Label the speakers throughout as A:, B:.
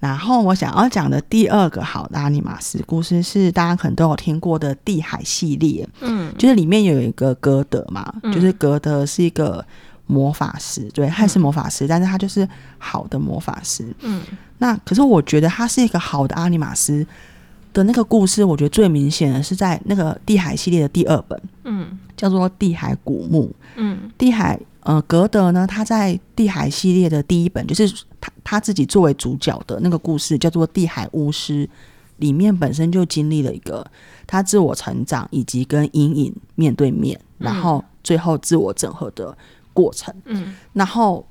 A: 然後我想要講的第二個好的阿尼瑪斯故事，是大家可能都有聽過的地海系列，嗯，就是裡面有一個格得嘛，嗯、就是格得是一個魔法師，對，他、嗯、是魔法師，但是他就是好的魔法師，嗯，那可是我覺得他是一個好的阿尼瑪斯的那個故事，我覺得最明顯的是在那個地海系列的第二本，嗯，叫做地海古墓，嗯，地海。嗯、呃，格得呢？他在《地海》系列的第一本，就是他他自己作為主角的那個故事，叫做《地海巫師》，裡面本身就經歷了一個他自我成長以及跟陰影面對面，然後最後自我整合的過程。嗯，然後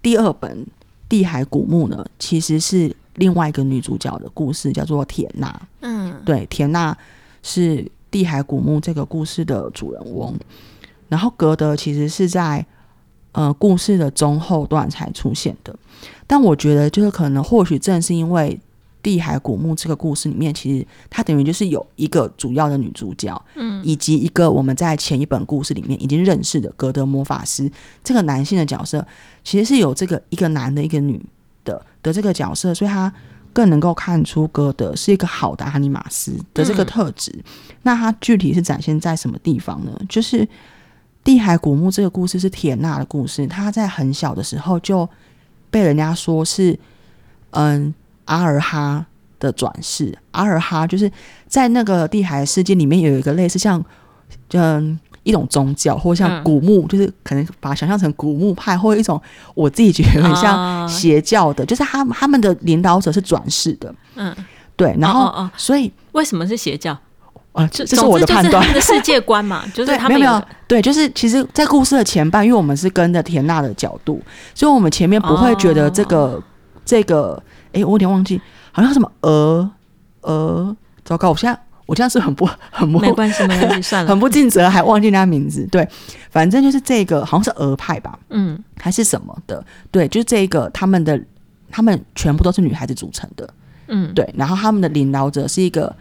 A: 第二本《地海古墓》呢，其實是另外一個女主角的故事，叫做恬娜。嗯，對，恬娜是《地海古墓》這個故事的主人翁，然後格得其實是在。呃，故事的中後段才出現的，但我覺得就是可能，或許正是因為《地海古墓》這個故事裡面，其實它等於就是有一個主要的女主角，嗯，以及一個我們在前一本故事裡面已經認識的格得魔法師這個男性的角色，其實是有這個一個男的一個女的的這個角色，所以他更能夠看出格得是一個好的阿尼瑪斯的這個特質，嗯。那他具體是展現在什麼地方呢？就是。《地海古墓》這個故事是恬娜的故事。他在很小的時候就被人家說是，嗯，阿爾哈的轉世。阿爾哈就是在那個地海世界裡面有一個類似像，嗯，一種宗教，或像古墓，嗯、就是可能把它想象成古墓派，或一種我自己覺得很像邪教的，哦、就是他他們的領導者是轉世的。嗯，對，然後，哦哦，所以，為什麼是邪教？啊，這是我的判斷。世界觀嘛， 對，就是他們有的。沒有沒有，對，就是其實，在故事的前半，因為我們是跟着恬娜的角度，所以我們前面不會覺得這個、哦、這個，誒、欸，我有點忘記，好像什麼鵝鵝、呃呃，糟糕，我現在我現在是很不很不沒關係沒關係，算了， 很不盡責，還忘記他名字。對，反正就是這個好像是鵝派吧，嗯，還是什麼的，對，就是這一個，他們的他們全部都是女孩子組成的，嗯，對，然後他們的領導者是一個。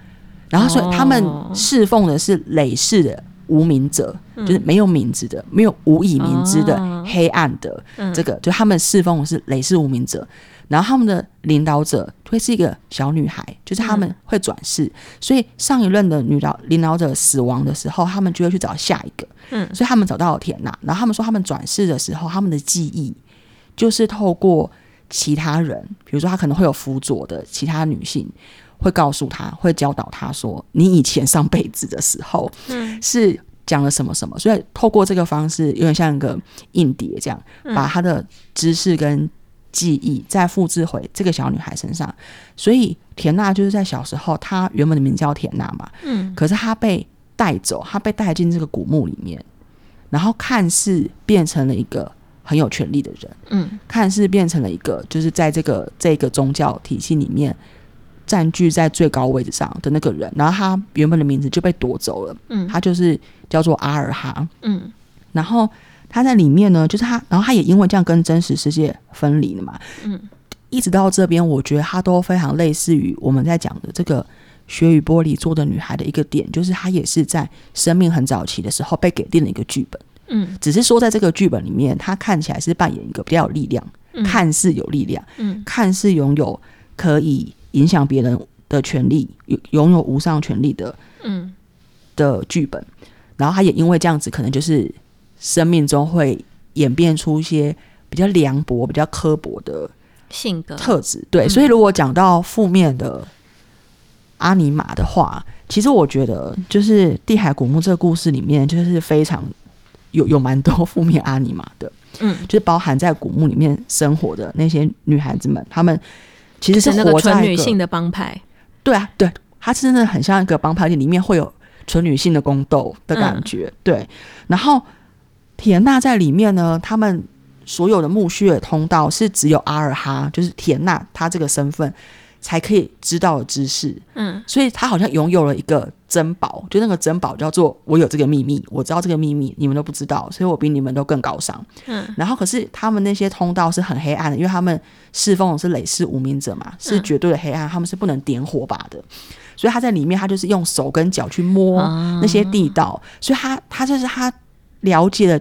A: 然後，所以他們侍奉的是累世的無名者、哦嗯，就是沒有名字的、沒有無以名之的、哦、黑暗的、嗯、這個。就他們侍奉的是累世無名者，然後他們的領導者會是一個小女孩，就是他們會轉世。嗯、所以上一任的女導領導者死亡的時候，他們就會去找下一個。嗯，所以他們找到了恬娜，然後他們說，他們轉世的時候，他們的記憶就是透過其他人，比如說他可能會有輔佐的其他女性。會告訴他，會教導他說：“你以前上輩子的時候，是講了什麼什麼。”所以透過這個方式，有點像一個硬碟，這樣把他的知識跟記憶再複制回這個小女孩身上。所以恬娜就是在小時候，她原本的名叫恬娜嘛。嗯。可是她被帶走，她被帶進這個古墓裡面，然後看似變成了一個很有權力的人。嗯。看似變成了一個，就是在這個這個宗教體系裡面，佔據在最高位置上的那個人，然後他原本的名字就被奪走了。嗯，他就是叫做阿爾哈。嗯，然後他在裡面呢，就是他，然後他也因為這樣跟真實世界分離了嘛。嗯，一直到這邊，我覺得他都非常類似於我們在講的這個雪與玻璃做的女孩的一個點，就是他也是在生命很早期的時候被給定了一個劇本。嗯，只是說在這個劇本裡面，他看起來是扮演一個比較有力量，嗯，看似有力量，嗯，看似擁有可以。影響別人的權利，擁有無上權利的，嗯，的劇本，然後他也因為這樣子，可能就是生命中會演變出一些比較涼薄、比較刻薄的性格特質。對、嗯，所以如果講到負面的阿尼瑪的話、嗯，其實我覺得，就是《地海古墓》這個故事裡面，就是非常有有蠻多負面阿尼瑪的。嗯，就是包含在古墓裡面生活的那些女孩子們，她們。其實是那一個純、就是、女性的幫派，對啊，對，它是真的很像一個幫派，裡面會有純女性的宮鬥的感覺、嗯，對。然後恬娜在裡面呢，他們所有的墓穴通道是只有阿爾哈，就是恬娜她這個身份才可以知道的知識，嗯，所以他好像擁有了一個珍寶，就那個珍寶叫做“我有這個秘密，我知道這個秘密，你們都不知道，所以我比你們都更高尚。”嗯，然後可是他們那些通道是很黑暗的，因為他們侍奉的是累世無名者嘛，是絕對的黑暗、嗯，他們是不能點火把的，所以他在裡面，他就是用手跟腳去摸那些地道，嗯、所以他他就是他了解了。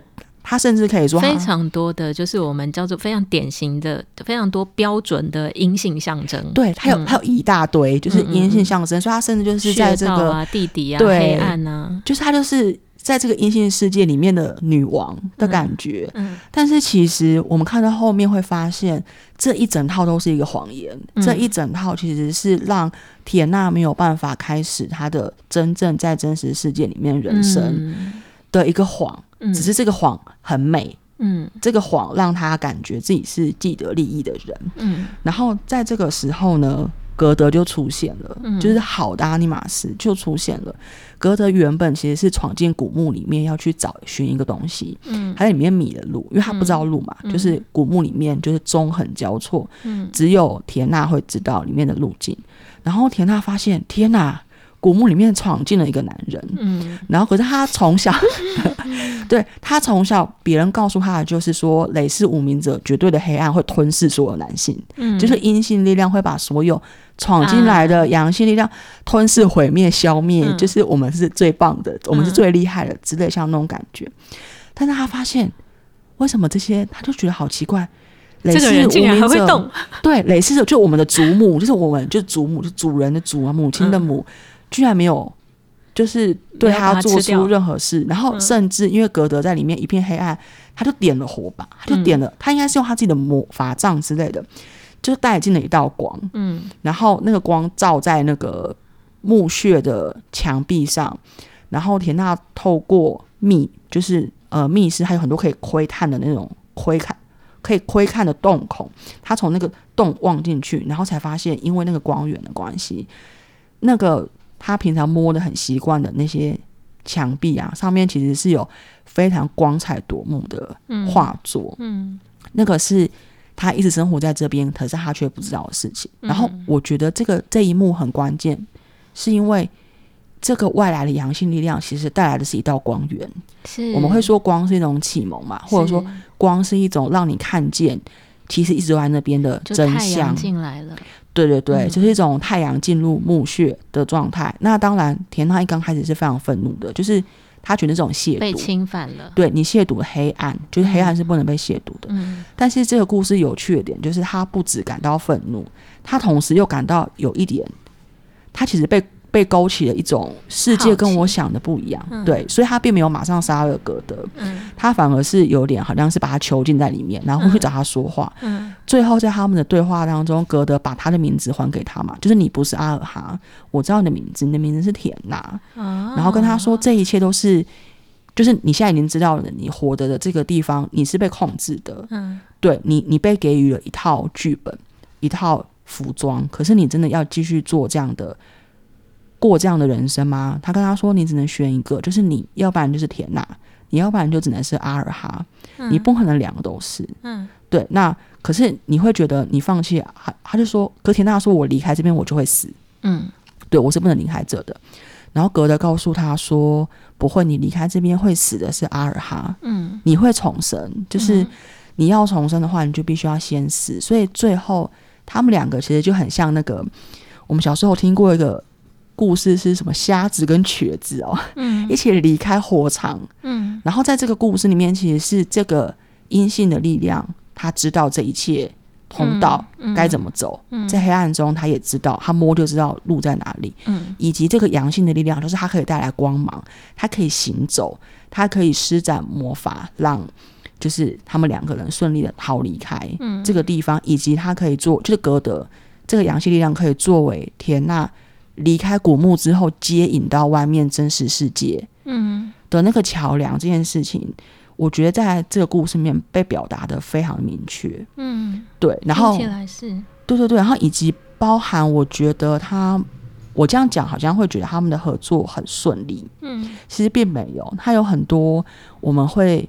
A: 他甚至可以說非常多的就是我們叫做非常典型的非常多標準的陰性象徵。對，他有、嗯、他有一大堆就是陰性象徵、嗯嗯嗯，所以他甚至就是在這個地底啊，對啊對、黑暗啊，就是他就是在這個陰性世界裡面的女王的感覺、嗯嗯。但是其實我們看到後面會發現，這一整套都是一個謊言、嗯。這一整套其實是讓恬娜沒有辦法開始她的真正在真實世界裡面人生。嗯的一個謊，只是這個謊很美，嗯，這個謊讓他感覺自己是既得利益的人，嗯，然後在這個時候呢，格得就出現了，嗯、就是好的阿尼瑪斯就出現了、嗯。格得原本其實是闖進古墓裡面要去找尋一個東西，嗯，他在裡面迷了路，因為他不知道路嘛，嗯、就是古墓裡面就是縱橫交錯，嗯，只有恬娜會知道裡面的路徑，然後恬娜發現，天哪、啊！古墓裡面闖進了一個男人，嗯，然後可是他從小，嗯、 對他從小別人告訴他的就是說，雷是無名者，絕對的黑暗會吞噬所有男性，嗯，就是陰性力量會把所有闖進來的陽性力量吞噬滅滅、毀滅、消滅，就是我們是最棒的，嗯、我們是最厲害的、嗯、之類像那種感覺。但是他發現，為什麼這些，他就覺得好奇怪，
B: 這個人竟然還會動？
A: 對，雷的就是、我們的祖母，就是我們就是、祖母，就主、是、人的祖啊，母親的母。嗯居然沒有，就是對他做出任何事，然後甚至因為格得在裡面，一片黑暗，嗯、他就點了火把，就點了，他應該是用他自己的魔法杖之類的，就帶進了一道光，嗯，然後那個光照在那個墓穴的牆壁上，然後恬娜透過密，就是呃密室還有很多可以窺探的那種窺看，可以窺看的洞孔，他從那個洞望進去，然後才發現因為那個光源的關係，那個。他平常摸得很習慣的那些牆壁啊，上面其實是有非常光彩奪目的畫作，嗯。嗯，那個是他一直生活在這邊，可是他卻不知道的事情。嗯，然後我覺得這個這一幕很關鍵，是因為這個外來的陽性力量其實帶來的是一道光源。是，我們會說光是一種啟蒙嘛，或者說光是一種讓你看見。其實一直都在那邊的真相，進來了。對對對，嗯、就是一種太陽進入墓穴的狀態。那當然，恬娜一剛開始是非常憤怒的，就是他覺得這種褻瀆，被侵犯了。對，你褻瀆黑暗、嗯，就是黑暗是不能被褻瀆的、嗯。但是這個故事有趣的點，就是他不止感到憤怒，他同時又感到有一點，他其實被。被勾起了一種世界跟我想的不一樣，嗯、對，所以他並沒有馬上殺了格得、嗯，他反而是有點好像是把他囚禁在裡面，然後去找他說話。嗯，最後在他們的對話當中，格得把他的名字還給他嘛，就是你不是阿爾哈，我知道你的名字，你的名字是恬娜、哦。然後跟他說這一切都是，就是你現在已經知道了，你活得的這個地方你是被控制的，嗯，對你你被給予了一套劇本，一套服裝，可是你真的要繼續做這樣的。過這樣的人生嗎？他跟他說：“你只能選一個，就是你要不然就是恬娜，你要不然就只能是阿爾哈、嗯，你不可能兩個都是。”嗯，對。那可是你會覺得你放棄、啊？他他就說：“可恬娜說，我離開這邊我就會死。”嗯，對我是不能離開這的。然後格得告訴他說：“不會，你離開這邊會死的是阿爾哈。”嗯，你會重生，就是你要重生的話，你就必須要先死。所以最後他們兩個其實就很像那個我們小時候聽過一個。故事是什麼？瞎子跟瘸子哦，嗯，一起離開火場，嗯，然後在這個故事裡面，其實是這個陰性的力量，他知道這一切通道該怎麼走，嗯嗯，在黑暗中他也知道，他摸就知道路在哪裡，嗯，以及這個陽性的力量，就是他可以帶來光芒，他可以行走，他可以施展魔法，讓就是他們兩個人順利的逃離開這個地方，嗯，以及他可以做，就是格德這個陽性力量可以作為恬娜，離開古墓之後，接引到外面真實世界的那個橋樑這件事情，嗯，我覺得在這個故事裡面被表達得非常明確。嗯，對。然後，對對對，然後以及包含，我覺得他，我這樣講好像會覺得他們的合作很順利。嗯，其實並沒有，他有很多我們會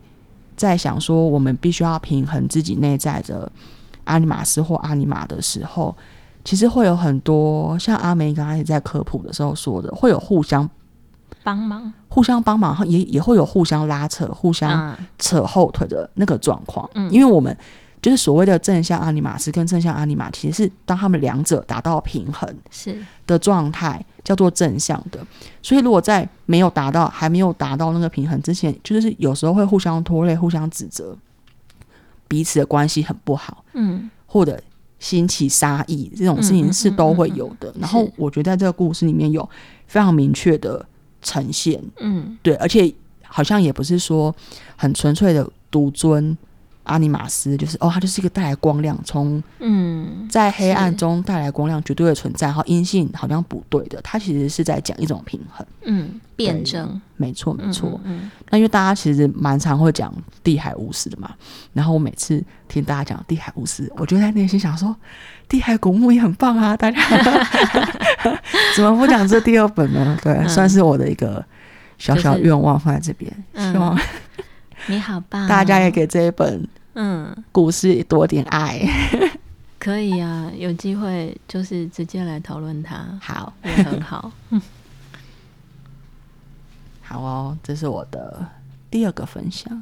A: 在想說，我們必須要平衡自己內在的阿尼瑪斯或阿尼瑪的時候。其實會有很多像阿梅剛才也在科普的時候說的，會有互相幫忙、互相幫忙，也也會有互相拉扯、互相扯後腿的那個狀況。嗯，因為我們就是所謂的正向阿尼瑪斯跟正向阿尼瑪，其實是當他們兩者達到平衡的是的狀態，叫做正向的。所以如果在沒有達到、還沒有達到那個平衡之前，就是有時候會互相拖累、互相指責，彼此的關係很不好。嗯，或者。興起殺意這種事情是都會有的，嗯嗯嗯嗯嗯，然後我覺得在這個故事裡面有非常明確的呈現，嗯，對，而且好像也不是說很純粹的獨尊。阿、啊、尼瑪斯就是哦，它就是一個帶來光亮，從嗯，在黑暗中帶來光亮絕對的存在。哈、嗯，陰性好像不對的，它其實是在講一種平衡，嗯，辯證，沒錯沒錯、嗯嗯。那因為大家其實蠻常會講地海巫師的嘛，然後我每次聽大家講地海巫師，我就在內心想說，地海古墓也很棒啊，大家 怎麼不講這第二本呢？ 對、嗯，算是我的一個小小願望放在這邊，就是、希望、嗯、 你好棒，大家也給這一本。嗯，故事多點愛， 可以啊。有機會就是直接來討論它， 好， 也很好。 好哦，這是我的第二個分享。